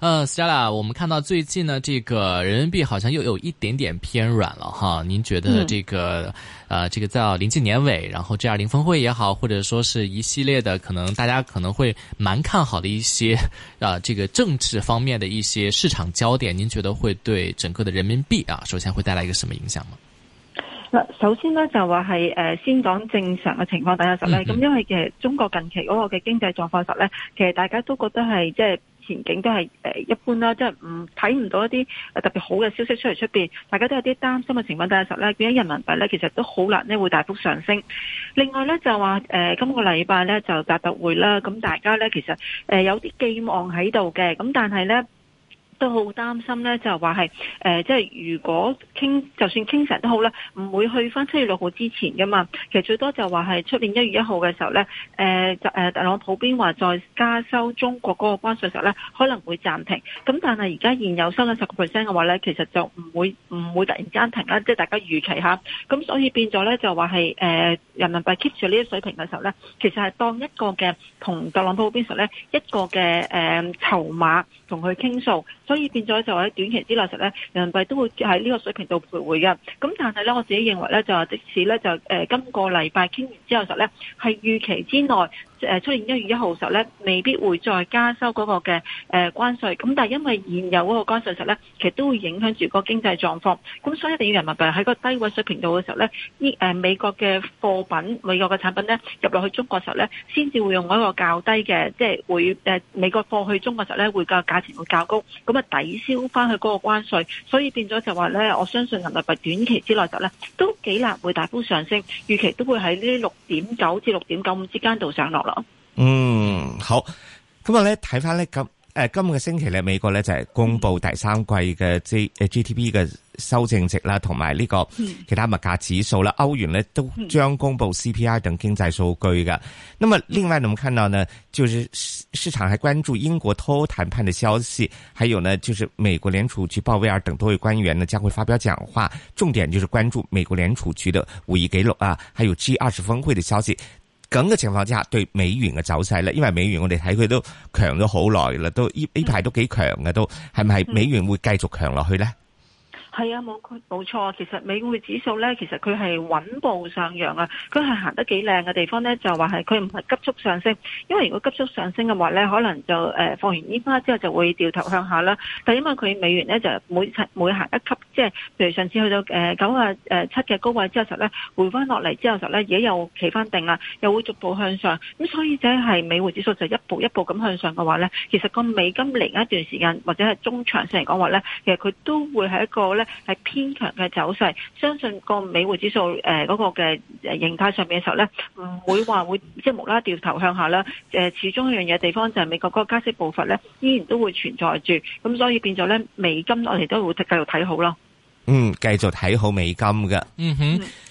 嗯、uh, Stella 我們看到最近呢，這個人民幣好像又有一點點偏軟了哈。您覺得這個，嗯、呃，這個在臨近年尾，然後 G 二零峰會也好，或者說是一系列的可能大家可能會蠻看好的一些，呃、啊，這個政治方面的一些市場焦點，您覺得會對整個的人民幣啊，首先會帶來一個什麼影響嗎？首先呢，就話係，誒、呃，先講正常嘅情況底下實咧，咁、嗯嗯、因為其實中國近期嗰個嘅經濟狀況實呢，其實大家都覺得係即係。前景都係誒一般啦，即係唔睇唔到一啲特別好嘅消息出嚟出邊，大家都有啲擔心嘅情況底下，實咧變咗人民幣咧，其實都好難咧會大幅上升。另外咧就話誒、呃、今個禮拜咧就達特會啦，咁大家咧其實誒有啲寄望喺度嘅，咁但係咧。都好擔心咧，就話係、呃、即係如果傾就算傾成都好啦，唔會去翻七月六號之前噶嘛。其實最多就話係出年一月一號嘅時候咧，就、呃、特朗普邊話再加收中國嗰個關稅嘅時候咧，可能會暫停。咁但係而家現有收緊十個 percent 嘅話咧，其實就唔會唔會突然間停啦。即係大家預期下。咁所以變咗咧就話係、呃、人民幣 keep 住呢啲水平嘅時候咧，其實係當一個嘅同特朗普邊時候咧一個嘅誒、呃、籌碼同佢傾訴。所以變咗就喺短期之內實咧，人民幣都會喺呢個水平度徘徊嘅。咁但係咧，我自己認為咧就係即使咧就誒今個禮拜傾完之後實咧係預期之內。即出現一月一號嘅時候咧，未必會再加收嗰個嘅關稅。咁但係因為現有嗰個關稅實呢，其實都會影響住個經濟狀況。咁所以一定要人民幣喺個低位水平度嘅時候呢，美國嘅貨品、美國嘅產品咧入落去中國時候咧，先至會用一個較低嘅，即係會美國貨去中國嘅時候咧，會個價錢會較高，咁啊抵消翻佢嗰個關稅。所以變咗就話呢，我相信人民幣短期之內實呢，都幾難會大幅上升，預期都會喺呢六點九至六點九五之間度上落。嗯，好。咁啊咧，睇翻咧咁，誒、呃，今個星期咧，美國咧就係公布第三季嘅 G 誒 GDP 嘅修正值啦，同埋呢個其他物價指數啦，歐元咧都將公布 CPI 等經濟數據噶。那麼另外我們看到呢，就是市場還關注英國脫歐談判的消息，還有呢，就是美國聯儲局鮑威爾等多位官員呢將會發表講話，重點就是關注美國聯儲局的五一記錄啊，還有 G 二十峰會的消息。咁嘅情況之下，對美元嘅走勢呢？因為美元我哋睇佢都強咗好耐喇，都依排都幾強嘅，都係咪美元會繼續強落去呢？係啊，冇冇錯。其實美匯指數咧，其實佢係穩步上揚啊。佢係行得幾靚嘅地方咧，就話係佢唔係急速上升。因為如果急速上升嘅話咧，可能就、呃、放完煙花之後就會掉頭向下啦。但因為佢美元咧就每每行一級，即係譬如上次去到誒九啊七嘅高位之後實咧，回翻落嚟之後實咧，而家又企翻定啦，又會逐步向上。咁所以就係美匯指數就一步一步咁向上嘅話咧，其實個美金嚟一段時間或者係中長線嚟講話咧，其實佢都會係一個咧。係偏強嘅走勢，相信個美匯指數誒嗰個嘅形態上面嘅時候咧，唔會話會即係無啦掉頭向下啦。誒，始終一樣嘢地方就係美國嗰個加息步伐咧，依然都會存在住，咁所以變咗咧美金，我哋都會繼續睇好咯。嗯，繼續睇好美金㗎。嗯哼。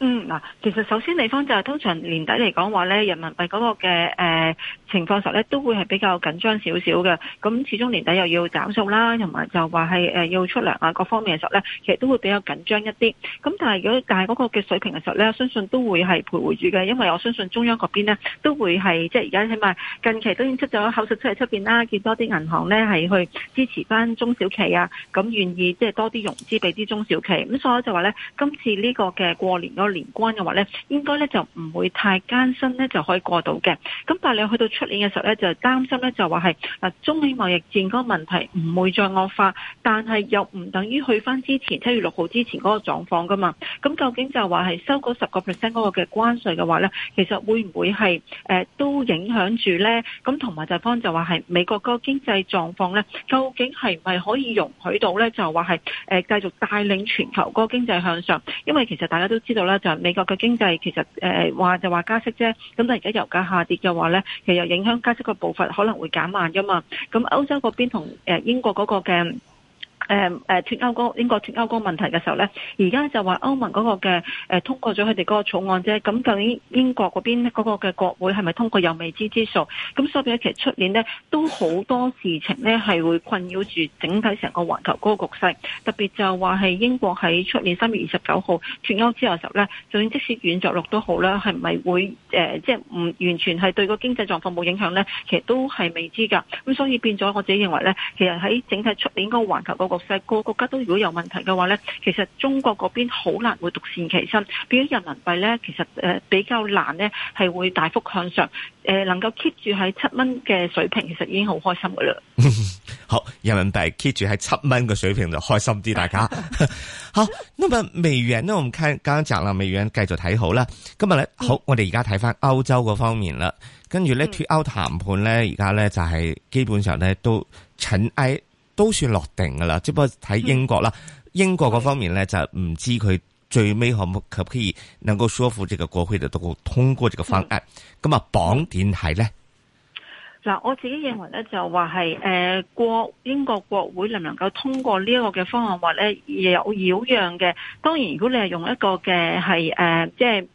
嗯嗱，其實首先地方就係通常年底嚟講話咧，人民幣嗰個嘅誒、呃、情況時候咧都會係比較緊張少少嘅。咁始終年底又要找數啦，同埋就話係誒要出糧啊，各方面嘅時候咧，其實都會比較緊張一啲。咁但係如果但係嗰個嘅水平嘅時候咧，相信都會係徘徊住嘅，因為我相信中央嗰邊呢都會係即係而家起碼近期都已經出咗口實出嚟出邊啦，見多啲銀行咧係去支持翻中小企啊，咁願意即係多啲融資俾啲中小企。咁所以就話咧，今次呢個嘅過年嗰。年關嘅話咧，應該咧就唔會太艱辛咧，就可以過到嘅。咁但係你去到出年嘅時候咧，就擔心咧就話係嗱中美貿易戰嗰個問題唔會再惡化，但係又唔等於去翻之前七月六號之前嗰個狀況噶嘛。咁究竟就話係收嗰十個 percent 嗰個嘅關稅嘅話咧，其實會唔會係誒、呃、都影響住咧？咁同埋就方就話係美國嗰個經濟狀況咧，究竟係唔係可以容許到咧？就話係誒繼續帶領全球嗰個經濟向上？因為其實大家都知道咧。就美國嘅經濟其實誒話、呃、就話加息啫，咁但係而家油價下跌嘅話咧，其實影響加息嘅步伐可能會減慢噶嘛。咁歐洲嗰邊同誒英國嗰個嘅。誒誒脫歐嗰英國脫歐嗰個問題嘅時候呢，而家就話歐盟嗰個嘅、誒、通過咗佢哋嗰個草案啫。咁究竟英國嗰邊嗰個嘅國會係咪通過，有未知之數？咁所以其實出年呢，都好多事情呢係會困擾住整體成個環球嗰個局勢。特別就話係英國喺出年三月二十九號脫歐之後嘅時候呢，就算即使軟着陸都好啦，係咪會誒即係唔完全係對個經濟狀況冇影響呢？其實都係未知㗎。咁所以變咗我自己認為呢，其實喺整體出年嗰個環球嗰個個國家都如果有問題嘅話咧，其實中國嗰邊好難會獨善其身。變咗人民幣咧，其實誒、呃、比較難咧，係會大幅向上。誒、呃、能夠 keep 住喺七蚊嘅水平，其實已經好開心噶啦。 好，人民幣 keep 住喺七蚊嘅水平就開心啲，大家 好。那麼美元呢？我唔看剛剛講啦，美元繼續睇好啦。今日咧，好，我哋而家睇翻，歐洲嗰方面啦。跟住咧脱歐談判咧，而家咧就係、是、基本上咧都塵都算落定噶啦，只不過睇英國啦，嗯、英國嗰方面咧就唔知佢最尾可唔可可以能夠説服這個國會嚟到通過這個方案，咁、嗯、啊綁點係咧？嗱，我自己認為咧就話係誒國英國國會能唔能夠通過呢一個嘅方案或咧亦有擾攘嘅，當然如果你係用一個嘅係誒即係。呃就是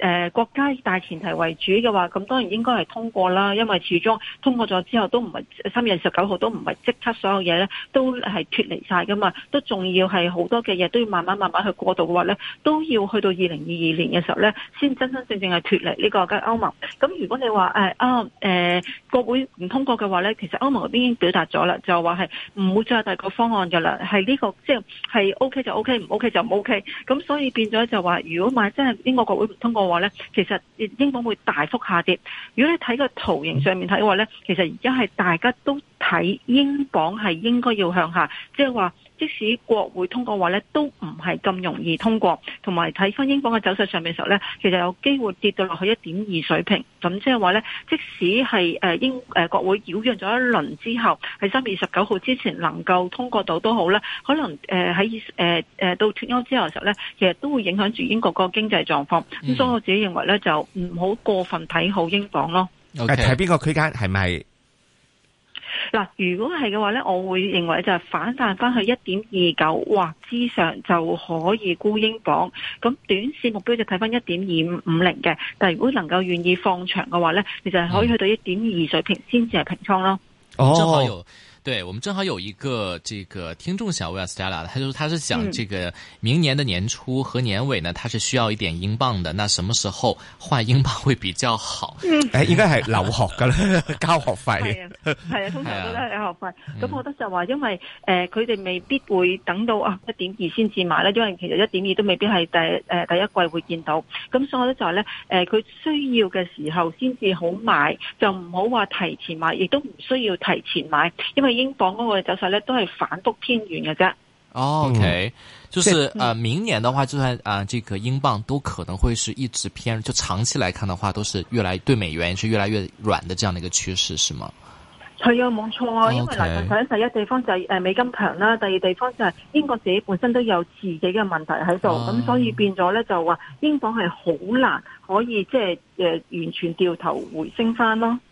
誒、呃、國家以大前提為主嘅話，咁當然應該係通過啦。因為始終通過咗之後，都唔係三月二十九號都唔係即刻所有嘢咧，都係脱離曬噶嘛。都仲要係好多嘅嘢都要慢慢慢慢去過渡嘅話咧，都要去到二零二二年嘅時候咧，先真真正正係脱離呢、這個嘅歐盟。咁如果你話誒啊誒、啊呃、國會唔通過嘅話咧，其實歐盟嗰邊已經表達咗啦，就話係唔會再有第二個方案㗎啦，係呢、這個即係 O K 就 O K，唔 O K 就唔 O K。咁所以變咗就話，如果買真係呢個國會唔通過，話咧，其實英鎊會大幅下跌。如果你睇個圖形上面睇嘅話咧，其實而家係大家都睇英鎊係應該要向下，即係話。即使國會通過話咧，都唔係咁容易通過，同埋睇翻英鎊嘅走勢上面嘅時候咧，其實有機會跌到落去一點二水平。咁即係話咧，即使係誒英誒國，國會擾攘咗一輪之後，喺三月二十九號之前能夠通過到都好咧，可能誒喺誒誒到脫歐之後嘅時候咧，其實都會影響住英國個經濟狀況。咁所以我自己認為咧，就唔好過分睇好英鎊咯。係邊個區間係咪？是嗱，如果係嘅話呢，我會認為就係反彈翻去一點二九或之上，就可以沽英鎊。咁短線目標就睇翻一點二五零嘅。但係如果能夠願意放長嘅話呢，其實可以去到一點二二水平先至係平倉咯。哦。哦對，我們正好有一個這個聽眾想問阿 Stella，他就他，是，是想這個明年的年初和年尾呢，他是需要一點英鎊的，那什麼時候換英鎊會比較好？誒，嗯哎，應該係留學噶啦，交 學費。係啊，啊，通常都係交學費。咁，啊嗯，我覺得就話，因為誒佢哋未必會等到啊一點二先至買啦，因為其實一點二都未必係第誒，呃，第一季會見到。咁所以我覺得就話咧，誒，呃，佢需要嘅時候先至好買，就唔好話提前買，亦都唔需要提前買，因為。英鎊嗰個走勢咧，都係反覆偏軟嘅啫。OK，就是誒，明年嘅話，就算啊，呢個英鎊都可能會是一直偏，就長期來看嘅話，都是越來對美元是越來越軟嘅。這樣嘅一個趨勢，是嗎？係啊，冇錯啊。因為嚟第一地方就係誒美金強啦，第二地方就係英國自己本身都有自己嘅問題喺度，咁、嗯、所以變咗咧就話英鎊係好難可以即係誒完全掉頭回升翻咯。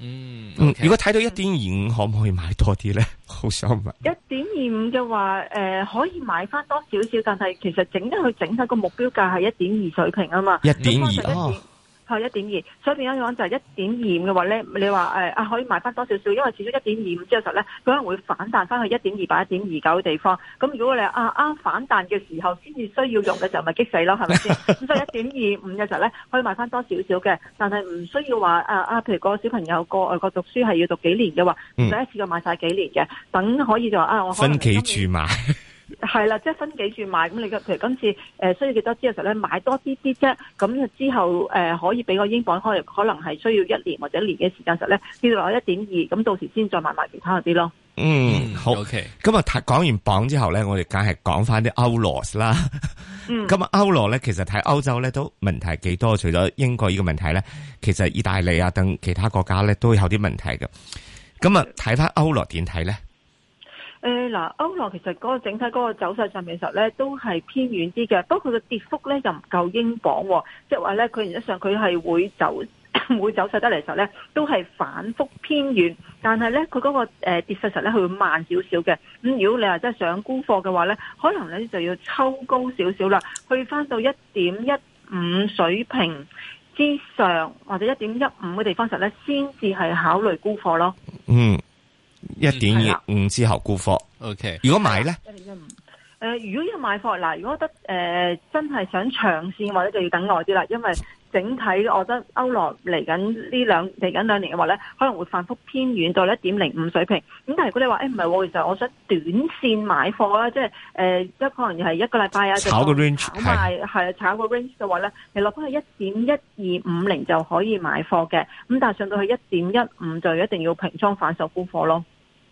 嗯，Okay. 如果睇到一點二五，可唔可以買多啲咧？好想問一點二五嘅話，誒、呃，可以買翻多少少，但係其實整得佢整下個目標價係一點二水平啊嘛，一點二哦係一點二，所以變咗講就係一點二五嘅話咧，你話誒啊可以買翻多少少，因為至少一點二五之後實咧，可能會反彈翻去一點二八、一點二九嘅地方。咁如果你話啊啱、啊、反彈嘅時候，先至需要用嘅 時候咪激死咯，係咪先？咁所以一點二五嘅時候咧，可以買翻多少少嘅，但係唔需要話啊啊，譬如個小朋友過外國讀書係要讀幾年嘅話，唔使一次過買晒幾年嘅，等可以就話啊我可分期住買。係啦，即係分幾處買咁，你嘅，譬如今次誒需要幾多支嘅時候咧，買多啲啲啫。咁之後誒可以俾個英鎊開，可能係需要一年或者一年嘅時間實咧跌落一點二，咁到時先再買埋其他嗰啲咯。嗯，好。咁啊，講完鎊之後咧，我哋梗係講翻啲歐羅啦。咁、嗯、啊，歐羅咧其實睇歐洲咧都問題幾多，除咗英國呢個問題咧，其實意大利啊等其他國家咧都有啲問題嘅。咁啊，睇翻歐羅點睇咧？誒、哎，嗱，歐羅其實嗰個整體嗰個走勢上面時候咧，都係偏遠啲嘅。不過佢嘅跌幅咧，又唔夠英鎊，即係話咧，佢原則上佢係會走，會走勢得嚟時候咧，都係反復偏遠。但係咧，佢嗰個誒跌勢實咧，佢會慢少少嘅。咁如果你話真係想沽貨嘅話咧，可能咧就要抽高少少啦，去返到一點一五水平之上或者一點一五嘅地方時候咧，先至係考慮沽貨咯。嗯。一點二五之後沽貨，OK。如果買呢，一點一五，誒、呃，如果要買貨，嗱，如果覺得，誒、呃，真係想長線，或者就要等耐啲啦。因為整體，我覺得歐羅嚟緊呢兩嚟緊兩年嘅話呢，可能會反復偏軟到一點零五水平。咁但係如果你話，誒唔係，其實我想短線買貨啦，即係，誒、呃，有可能係一個禮拜啊，炒個 range，係，係炒個 range 嘅話呢，你落翻去一點一二五零就可以買貨嘅。咁但係上到去一點一五就一定要平倉反手沽貨咯。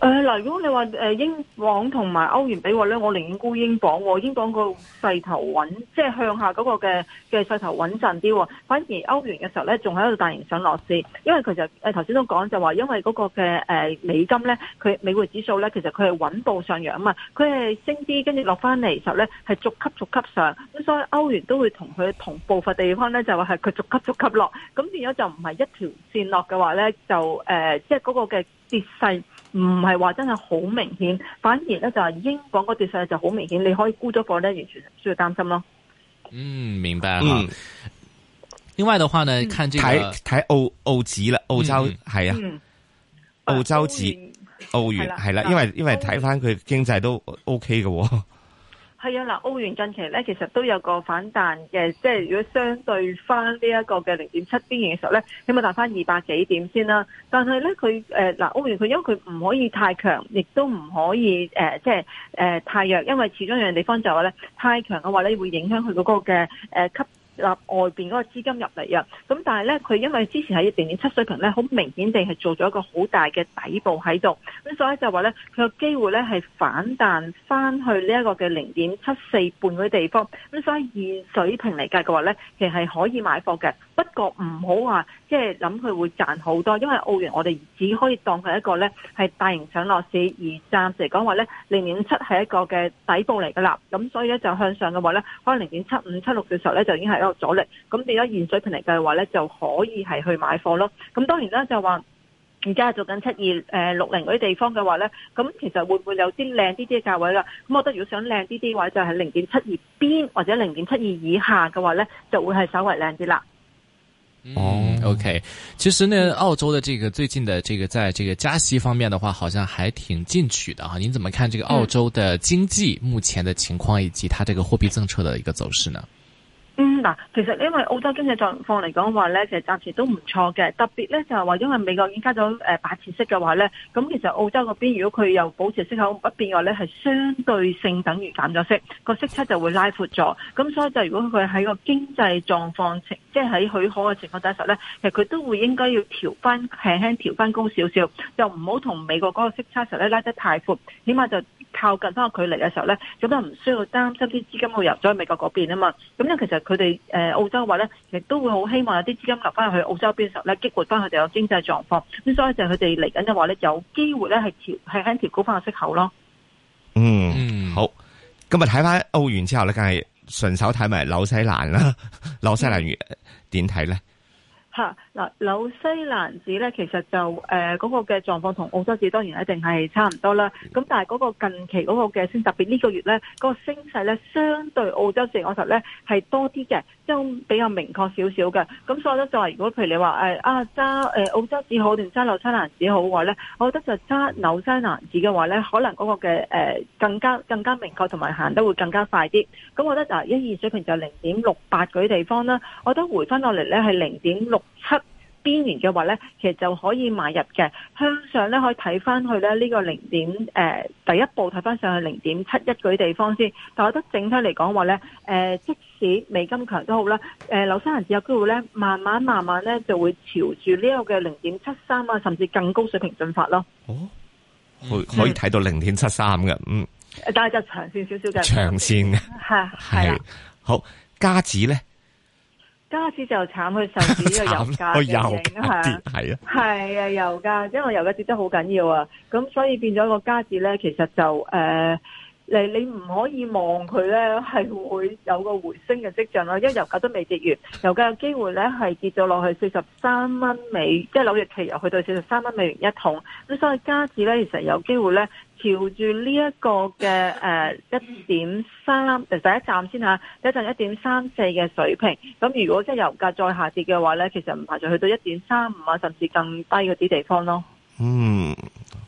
誒，嗱，如果你話誒英鎊同埋歐元比話咧，我寧願估英鎊、哦。英鎊個勢頭穩，即係向下嗰個嘅嘅勢頭穩陣啲。反而歐元嘅時候咧，仲喺度大型上落市。因為其實誒頭先都講就話，因為嗰個嘅誒美金咧，佢美匯指數咧，其實佢係穩步上揚啊嘛。佢係升啲，跟住落翻嚟時候咧，係逐級逐級上。咁所以歐元都會跟他同佢同步伐地方咧，就話係佢逐級逐級落。咁變咗就唔係一條線落嘅話咧，就誒即係嗰個嘅跌勢。唔係話真係好明顯，反而咧就係英鎊嗰段勢就好明顯，你可以沽咗貨咧，完全唔需要擔心咯。嗯，明白。嗯。另外嘅話呢，看這睇澳澳紙啦，澳洲係、嗯、啊、澳、嗯、洲紙澳、啊、元係、啊、啦，因為因為睇翻佢經濟都 OK 嘅。係啊，嗱，歐元近期咧，其實都有個反彈嘅，即係如果相對翻呢一個嘅零點七邊緣嘅時候咧，起碼達翻二百幾點先啦。但係咧，佢誒嗱，歐元佢因為佢唔可以太強，亦都唔可以即係、呃呃呃、太弱，因為始終有樣地方就係話咧，太強嘅話咧，會影響佢嗰、那個嘅、呃、吸納外邊嗰個資金入嚟啊，咁但係咧，佢因為之前喺零點七水平咧，好明顯地係做咗一個好大嘅底部喺度，咁所以就話咧，佢嘅機會咧係反彈翻去呢一個嘅零點七四半嗰啲地方。咁所以以水平嚟計嘅話咧，其實係可以買貨嘅，不過唔好話即係諗佢會賺好多，因為澳元我哋只可以當佢一個咧係大型上落市，而暫時嚟講話咧零點七係一個嘅底部嚟嘅啦。咁所以咧就向上嘅話咧，可能零點七五、七六嘅時候咧就已經係阻力，咁變咗現水平嚟嘅話咧，就可以係去買貨咯。咁當然啦，就話而家係做緊七二誒六零嗰啲地方嘅話咧，咁其實會唔會有啲靚啲啲嘅價位咧？咁我覺得如果想靚啲啲嘅話，就係零點七二邊或者零點七二以下嘅話咧，就會係稍為靚啲啦。哦，OK，其實呢澳洲嘅這個最近的這個在這個加息方面的話，好像還挺進取的哈。您怎麼看這個澳洲的經濟目前的情況以及它這個貨幣政策的一個走勢呢？嗯 okay, 嗯嗱，其實因為澳洲經濟狀況嚟講嘅話咧，其實暫時都唔錯嘅。特別咧就係話，因為美國已經加咗誒八次息嘅話咧，咁其實澳洲嗰邊如果佢又保持息口不變嘅話咧，係相對性等於減咗息，個息差就會拉闊咗。咁所以就如果佢喺個經濟狀況即係喺許可嘅情況底下時候呢，實咧其實佢都會應該要調返輕輕調返高少少，就唔好同美國嗰個息差實咧拉得太闊，起碼就靠近返個距離嘅時候咧，咁就唔需要擔心啲資金會入咗去美國嗰邊啊嘛。咁因為其實。佢哋誒澳洲嘅話咧，亦都會好希望有啲資金流翻去澳洲邊嘅時候咧，激活翻佢哋嘅經濟狀況。咁所以就係佢哋嚟緊嘅話咧，有機會咧係調係喺調高翻個息口咯。嗯，好。今日睇翻澳元之後咧，梗係順手睇埋紐西蘭啦。紐西蘭點睇咧？ 嗱、啊、紐西蘭紙咧，其實就誒嗰、呃那個嘅狀況同澳洲紙當然一定係差唔多啦。咁但係嗰個近期嗰個嘅升，特別呢個月咧，嗰、那個升勢咧相對澳洲紙我覺得咧係多啲嘅，即比較明確少少嘅。咁所以咧就話，如果譬如你話誒、哎、啊揸誒、呃、澳洲紙好定揸紐西蘭紙好嘅話咧，我覺得就揸紐西蘭紙嘅話咧，可能嗰個嘅誒、呃、更加更加明確同埋行得會更加快啲。咁我覺得嗱，一二水平就零點六八嗰啲地方啦，我覺得回翻落嚟咧係零點六七邊緣嘅話呢，其實就可以買入嘅。向上呢，可以睇翻去呢呢個零點誒、呃，第一步睇翻上去零點七一嘅地方先。但我覺得整體嚟講話呢，誒、呃，即使美金強都好啦，誒、呃，紐西蘭有機會呢，慢慢慢慢呢，就會朝住呢個嘅零點七三啊，甚至更高水平進發咯。哦，可以睇到零點七三嘅，嗯。但係就是長線少少嘅。長線嘅係係好，加子呢加字就慘，佢受住呢個油價嘅影響，係啊，係啊，油價因為油價跌得好緊要啊，咁所以變咗個加字咧，其實就誒。呃你唔可以望佢咧，係會有個回升嘅跡象咯。因為油價都未跌完，油價有機會咧係跌咗落去四十三蚊美，即係紐約期油去到四十三蚊美元一桶。咁所以加字咧，其實有機會咧，調住呢一個嘅誒一點三，第一站先吓，一陣一點三四嘅水平。咁如果即係油價再下跌嘅話咧，其實唔排除去到一點三五啊，甚至更低嗰啲地方咯。嗯。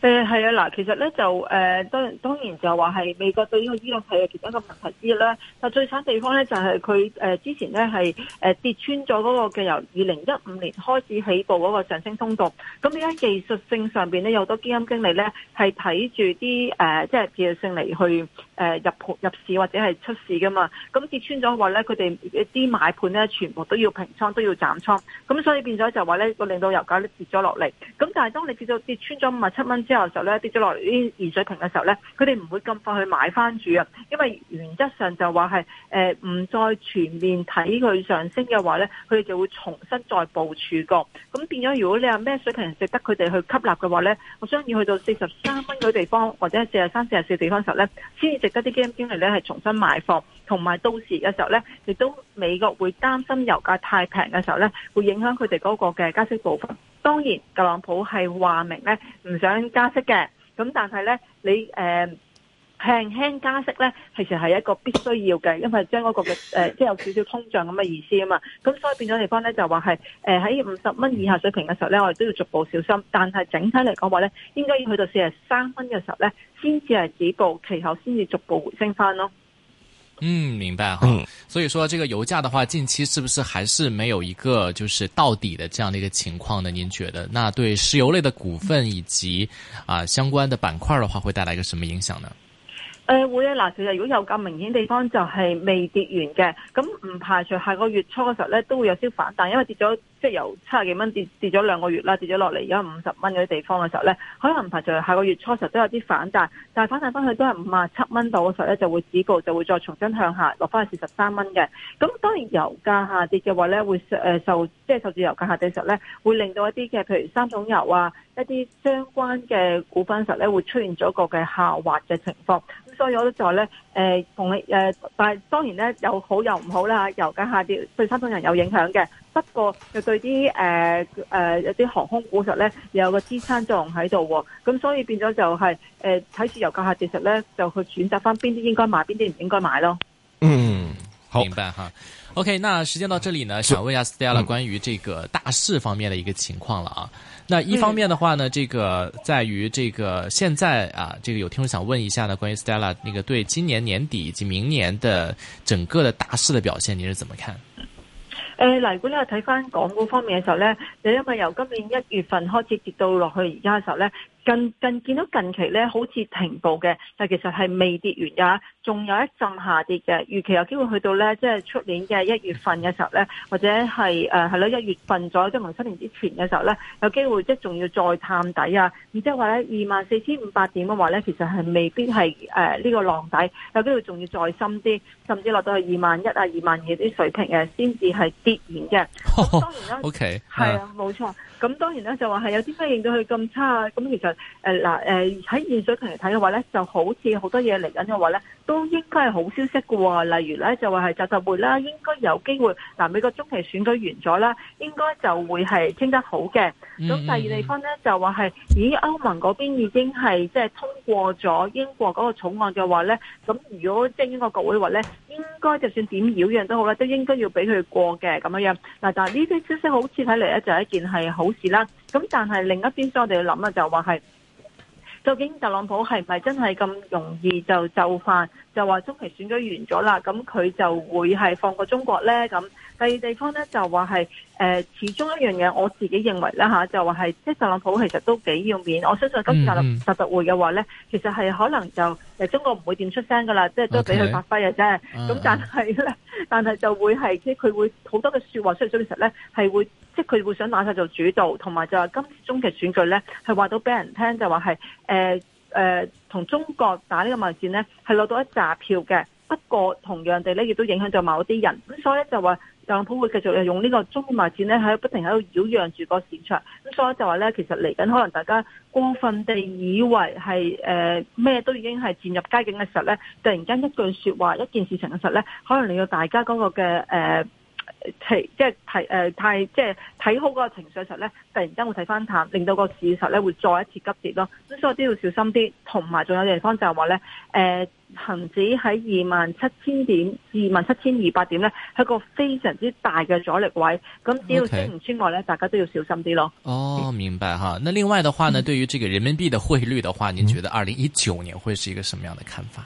誒係啊嗱，其實咧就誒，當、呃、當然就話係美國對呢個醫藥係有其中一個問題之一啦。但最慘地方咧就係佢誒之前咧係誒跌穿咗嗰個嘅由二零一五年開始起步嗰個上升通道。咁而家技術性上邊咧有好多基金經理咧係睇住啲誒即係技術性嚟，去誒、呃、入盤入市或者係出市噶嘛。咁跌穿咗嘅話咧，佢哋一啲買盤咧全部都要平倉，都要斬倉。咁所以變咗就話咧個令到油價跌咗落嚟。咁但係當你跌到跌穿咗五十七蚊。之後嘅時候咧跌咗落呢啲水平嘅時候咧，佢哋唔會咁快去買翻住啊，因為原則上就話係誒唔再全面睇佢上升嘅話咧，佢哋就會重新再部署過。咁變咗如果你話咩水平值得佢哋去吸納嘅話咧，我將要去到四十三蚊嘅地方或者係四十三、四十四地方時候咧，先至值得啲基金經理咧係重新買貨。同埋到時嘅時候呢，亦都美國會擔心油價太平嘅時候呢，會影響佢哋嗰個嘅加息步伐。當然，特朗普係話明呢唔想加息嘅，咁但係呢，你誒、呃、輕輕加息呢，其實係一個必須要嘅，因為將嗰、那個嘅即係有少少通脹咁嘅意思啊嘛。咁所以變咗地方呢，就話係喺五十蚊以下水平嘅時候呢，我哋都要逐步小心。但係整體嚟講話呢，應該要去到四十三蚊嘅時候呢，先至係底部，其後先至逐步回升翻咯。嗯，明白哈、嗯。所以說，這個油價的話，近期是不是還是沒有一個就是到底的這樣的一個情況呢？您覺得，那對石油類的股份以及啊、呃、相關的板塊的話，會帶來一個什麼影響呢？呃會啊，嗱，其實如果有更明顯的地方，就係未跌完嘅，咁唔排除下個月初嘅時候呢，都會有些反彈，因為跌咗。即係由七十幾蚊跌跌咗兩個月啦，跌咗落嚟而家五十蚊嗰啲地方嘅時候咧，可能唔排除下個月初時候都有啲反彈，但係反彈翻去都係五啊七蚊度嘅時候咧，就會指告，就會再重新向下落翻去四十三蚊嘅。咁當然油價下跌嘅話咧，會受，、呃、受即係受住油價下跌嘅時候咧，會令到一啲嘅譬如三桶油啊，一啲相關嘅股份時候咧會出現咗個嘅下滑嘅情況。咁所以我都在咧誒同你誒，但係當然咧有好有唔好啦。油價下跌對三桶油有影響嘅。不過就對啲誒誒有啲航空股實咧，有個支撐作用喺度，咁所以變咗就係誒睇住油價下跌實咧，就去選擇翻邊啲應該買，邊啲唔應該買咯。嗯好，明白哈。OK，那時間到這裏呢，想問一下 Stella 關於這個大勢方面的一個情況啦啊。那一方面的話呢，這個在於這個現在啊，這個有聽眾想問一下呢，關於 Stella 那個對今年年底以及明年的整個的大勢的表現，你是怎麼看？誒、呃，嚟股咧睇翻港股方面嘅時候咧，就因為由今年一月份開始跌到落去而家嘅時候咧。近近見到近期咧，好似停步嘅，但係其實係未跌完㗎，仲有一陣下跌嘅。預期有機會去到咧，即係出年嘅一月份嘅時候咧，或者係係喇一月份左右，即係新年之前嘅時候咧，有機會即係仲要再探底啊！然之後話咧二萬四千五百點嘅話咧，其實係未必係誒呢個浪底，有機會仲要再深啲，甚至落到去二萬一啊、二萬二啲水平嘅先至係跌完嘅。當然啦，OK 係啊，冇錯。咁當然呢，就話係有啲咩令到佢咁差啊？咁其實誒、呃、嗱，誒、呃、喺現水平嚟睇嘅話咧，就好似好多嘢嚟緊嘅話咧，都應該係好消息嘅喎、哦。例如咧，就話係集集會啦，應該有機會嗱、呃，美國中期選舉完咗啦，應該就會係傾得好嘅。咁第二地方咧，就話係以歐盟嗰邊已經係即係通過咗英國嗰個草案嘅話咧，咁如果即係、就是、英國國會話咧。應該就算點擾攘都好啦，都應該要俾佢過嘅咁樣樣。嗱、啊，但係呢啲消息好似睇嚟咧，就係一件係好事啦。咁但係另一邊、所以，我哋要諗啊，就話係究竟特朗普係唔係真係咁容易就就範？就話中期選舉完咗啦，咁佢就會係放過中國咧？咁？第二地方咧就話係誒，始終一樣嘢，我自己認為咧嚇，就話係即係特朗普其實都幾要面。我相信今次習習特會嘅話咧，其實係可能就誒中國唔會點出聲噶啦，即係都俾佢發揮嘅啫。咁、okay. 但係咧，uh-uh. 但係就會係即係佢會好多嘅説話出咗嚟，其實咧，係會即係佢會想攬曬做主導，同埋就話今次中期選舉咧係話到俾人聽，就話係誒誒同中國打這個戰呢個貿易戰咧係攞到一扎票嘅，不過同樣地咧亦都影響咗某啲人。咁所以咧就話。特朗普會繼續用呢個中斷賣戰喺不停喺度擾攘住個市場，咁所以就話呢，其實嚟緊可能大家過分地以為係誒咩都已經係漸入佳境嘅時候呢，突然間一句説話、一件事情嘅時候呢，可能令到大家嗰個嘅誒。呃即係提誒太、呃、即係睇好嗰個情緒嘅時候咧，突然間會睇翻淡，令到個市實咧會再一次急跌咯。咁所以都要小心啲，同埋仲有地方就係話咧，誒、呃、恒指喺二萬七千點、二萬七千二百點咧係個非常之大嘅阻力位。咁只要走唔穿外咧，大家都要小心啲咯。哦，明白哈。那另外的話呢，嗯、對於這個人民幣的匯率的話，你覺得二零一九年會是一個什麼樣的看法？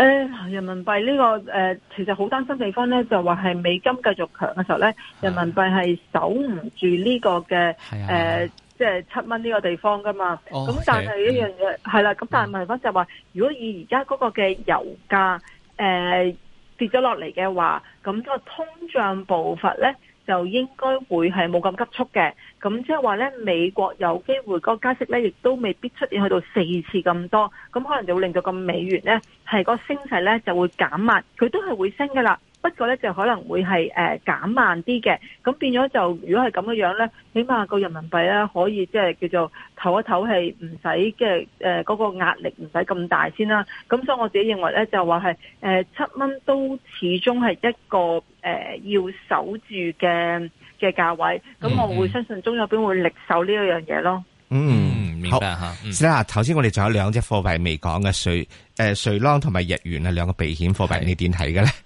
誒、哎、人民幣呢、這個誒、呃，其實好擔心地方咧，就話係美金繼續強嘅時候咧、啊，人民幣係守唔住呢個嘅誒，即係七蚊呢個地方噶嘛。咁、okay, 但係一樣嘢係啦，咁、yeah, 嗯啊、但係問題就係話，如果以而家嗰個嘅油價誒、呃、跌咗落嚟嘅話，咁、那個通脹步伐咧。就應該會係冇咁急速嘅，咁即係話呢，美國有機會嗰加息呢，亦都未必出現去到四次咁多，咁可能就會令到個美元呢，係個升勢呢，就會減慢，佢都係會升㗎喇。不過咧就可能會係誒減慢啲嘅，咁變咗就如果係咁嘅樣咧，起碼個人民幣咧可以即係叫做唞一唞氣，唔使嘅誒嗰個壓力唔使咁大先啦、啊。咁所以我自己認為咧就話係誒七蚊都始終係一個誒、呃、要守住嘅嘅價位。咁我會相信中央邊會力守呢一樣嘢咯。嗯，明白吓。先啦，頭先我哋仲有兩隻貨幣未講嘅瑞誒瑞郎同埋日元啊，兩個避險貨幣，你點睇嘅咧？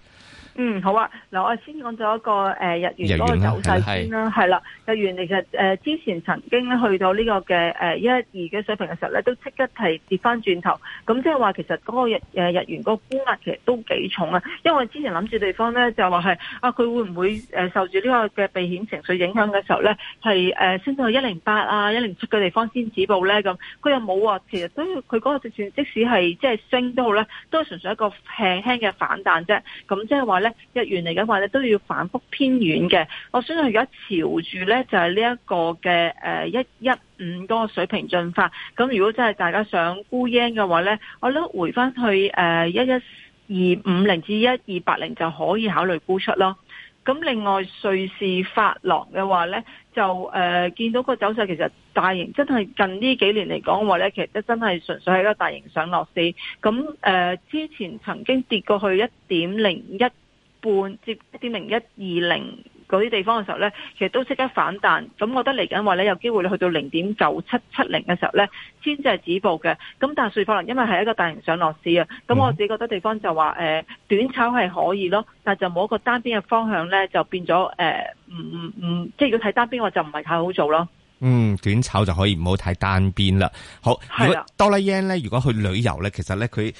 嗯，好啊。嗱，我先講咗一個誒日元嗰個走勢先啦，係啦，日元其實誒、呃、之前曾經咧去到呢個嘅誒一一二嘅水平嘅時候咧，都即刻係跌翻轉頭。咁即係話，其實嗰個日誒日元嗰個沽壓其實都幾重啊。因為我之前諗住地方咧就話係啊，佢會唔會誒受住呢個嘅避險情緒影響嘅時候咧，係誒升到去一零八啊、一零七嘅地方先止步咧？咁佢又冇啊。其實都佢嗰個就即使係即係升都好咧，都係純粹一個輕輕嘅反彈啫。咁即係話。日元嚟嘅話咧都要反覆偏軟嘅，我相信而家朝住咧就係呢一個嘅誒一一五嗰個水平進發，咁如果真係大家想沽煙嘅話咧，我諗回翻去誒一一二五零至一二八零就可以考慮沽出咯。咁另外瑞士法郎嘅話咧，就誒、呃、見到個走勢其實大型真係近呢幾年嚟講嘅話咧，其實真真係純粹係一個大型上落市。咁誒、呃、之前曾經跌過去一點零一。半接一點零一二零嗰啲地方嘅時候呢，其實都即刻反彈，咁我覺得嚟緊話呢，有機會你去到零點九七七零嘅時候呢，先至係止步嘅。咁但係瑞法郎因為係一個大型上落市啊，咁我自己覺得地方就話誒短炒係可以咯，但係就冇一個單邊嘅方向呢，就變咗誒唔唔唔，即係如果睇單邊嘅話就唔係太好做咯。嗯，短炒就可以，唔好睇單邊啦。好，如果多黎安咧，如果去旅遊呢，其實呢，佢。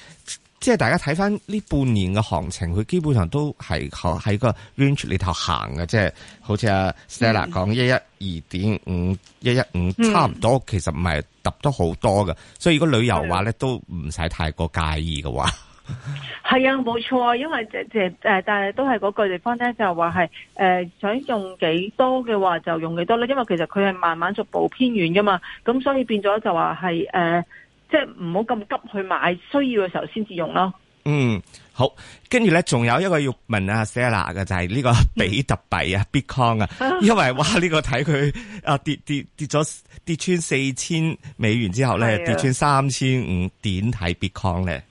即係大家睇翻呢半年嘅行程，佢基本上都係喺個 range 裏頭行嘅，即係好似阿 Stella 講，嗯，一一二點五，一一五，差唔多，其實唔係揼得好多嘅。所以如果旅遊話咧，都唔使太過介意嘅話，係啊，冇錯，因為即係誒，但係都係嗰個地方咧，就係話係誒想用幾多嘅話就用幾多啦，因為其實佢係慢慢逐步偏遠噶嘛，咁所以變咗就話係誒。呃即係唔好咁急去買，需要嘅時候先至用咯。嗯，好，跟住咧仲有一個要問阿 Sara 嘅就係呢個比特幣啊，Bitcoin 啊，因為哇呢、這個睇佢啊跌跌跌咗跌穿四千美元之後咧，跌穿三千五點睇 Bitcoin 咧。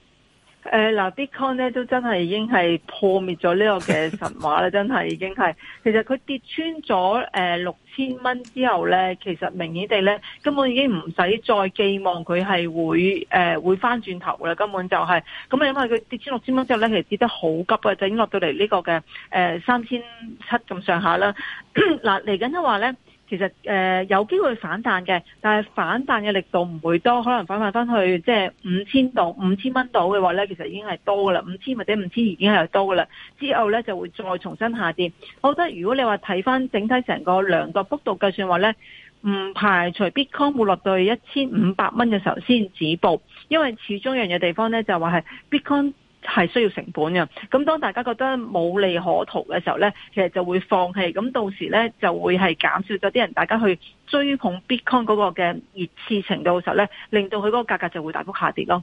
誒嗱，Bitcoin 咧都真係已經係破滅咗呢個嘅神話啦！真係已經係，其實佢跌穿咗誒、呃、六千蚊之後咧，其實明顯地咧根本已經唔使再寄望佢係會、呃、會返轉頭啦，根本就係、是。咁、嗯、因為佢跌穿六千蚊之後咧，其實跌得好急啊，就已經落到嚟呢個嘅誒、呃、三千七咁上下啦。嗱，嚟緊都話咧。其實誒、呃、有機會反彈嘅，但係反彈嘅力度唔會多，可能反彈翻去即係五千到五千蚊度嘅話咧，其實已經係多噶啦，五千或者五千已經係多噶啦，之後咧就會再重新下跌。我覺得如果你話睇翻整體成個兩個幅度計算話咧，唔排除 Bitcoin 會落到去一千五百蚊嘅時候先止步，因為始終一樣嘅地方咧就話係 Bitcoin。係需要成本嘅，咁當大家覺得冇利可圖嘅時候呢，其實就會放棄，咁到時呢，就會係減少咗啲人，大家去追捧 Bitcoin 嗰個嘅熱刺程度嘅時候呢，令到佢嗰個價格就會大幅下跌咯。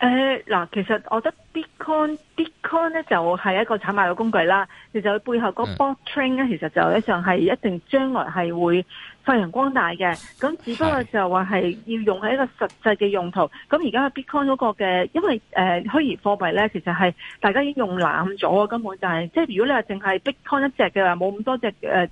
誒，嗱，其實我覺得 Bitcoin Bitcoin 咧就係一個炒賣嘅工具啦，其實佢背後嗰 bot train 咧，其實就一上係一定將來係會，發揚光大嘅，咁只不過就話係要用喺一個實際嘅用途。咁而家嘅 Bitcoin 嗰個嘅，因為、呃、虛擬貨幣呢，其實係大家已經用攬咗，根本就係、係、即係如果你話淨係 Bitcoin 一隻嘅話，冇咁多隻咁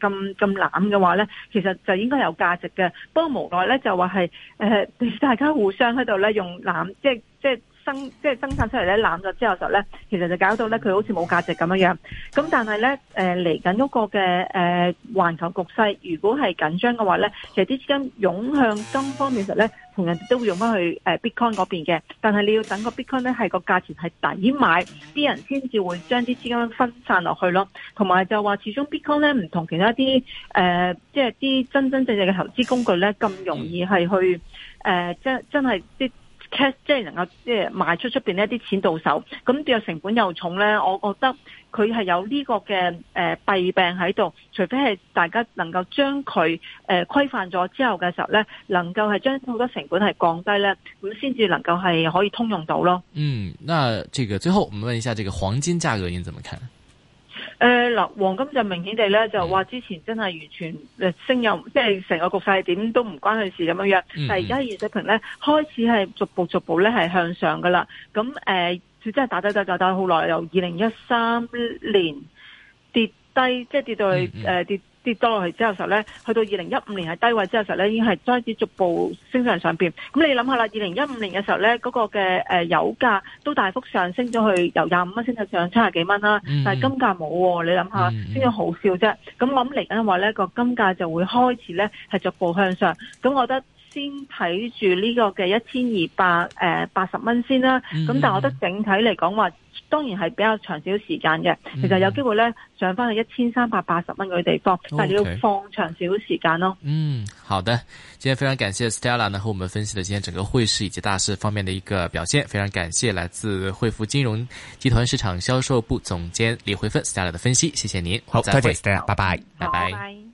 咁咁攬嘅話呢，其實就應該有價值嘅。不過無奈呢，就話係、呃、大家互相喺度呢，用攬，即係即係。即係生產出嚟咧，攬咗之後就咧，其實就搞到咧佢好似冇價值咁樣樣。咁、嗯、但係咧，嚟緊嗰個嘅誒、呃、環球局勢，如果係緊張嘅話咧，其實啲資金湧向金方面時呢，實咧同人都會用翻去 bitcoin 嗰、呃、邊嘅。但係你要等個 bitcoin 咧係個價錢係抵買，啲人先至會將啲資金分散落去咯。同埋就話，始終 bitcoin 咧唔同其他啲誒、呃，即係啲真真正正嘅投資工具咧咁容易係去誒、呃，真真係啲。即係能夠，即係賣出出邊呢一啲錢到手，咁又成本又重咧，我覺得佢係有呢個嘅誒弊病喺度。除非係大家能夠將佢誒規範咗之後嘅時候咧，能夠係將好多成本係降低咧，咁先至能夠係可以通用到咯。嗯，那這個最後我們問一下，這個黃金價格您怎麼看？誒，嗱，黃金就明顯地咧，就話之前真係完全誒升入，即係成個局勢點都唔關佢事咁樣樣。但係而家液體平咧，開始係逐步逐步咧係向上㗎喇。咁佢真係打得打得打打打好耐，由二零一三年跌低，即係跌到去嗯嗯、呃、跌。跌多落去之後嘅時候咧，去到二零一五年係低位之後嘅時候咧，已經係開始逐步升上上邊。咁你諗下啦，二零一五年嘅時候咧，嗰、嗰個嘅誒、呃、油價都大幅上升咗去，由廿五蚊升到上七十幾蚊啦。嗯嗯但係金價冇、哦，你諗下，嗯嗯嗯升咗好少啫。咁我諗嚟緊話咧，個金價就會開始咧係逐步向上。咁我覺得。先睇住呢個嘅一千二百誒八十蚊先啦，咁、嗯、但係我覺得整體嚟講話，當然係比較長少時間嘅、嗯，其實有機會咧上翻去一千三百八十蚊嘅啲地方，okay. 但係你要放長少時間咯。嗯，好的，今日非常感謝 Stella 呢，和我們分析咗今日整個匯市以及大市方面的一個表現，非常感謝來自匯富金融集團市場銷售部總監李慧芬 Stella 的分析，謝謝您。好，再見，Stella，拜拜，拜拜。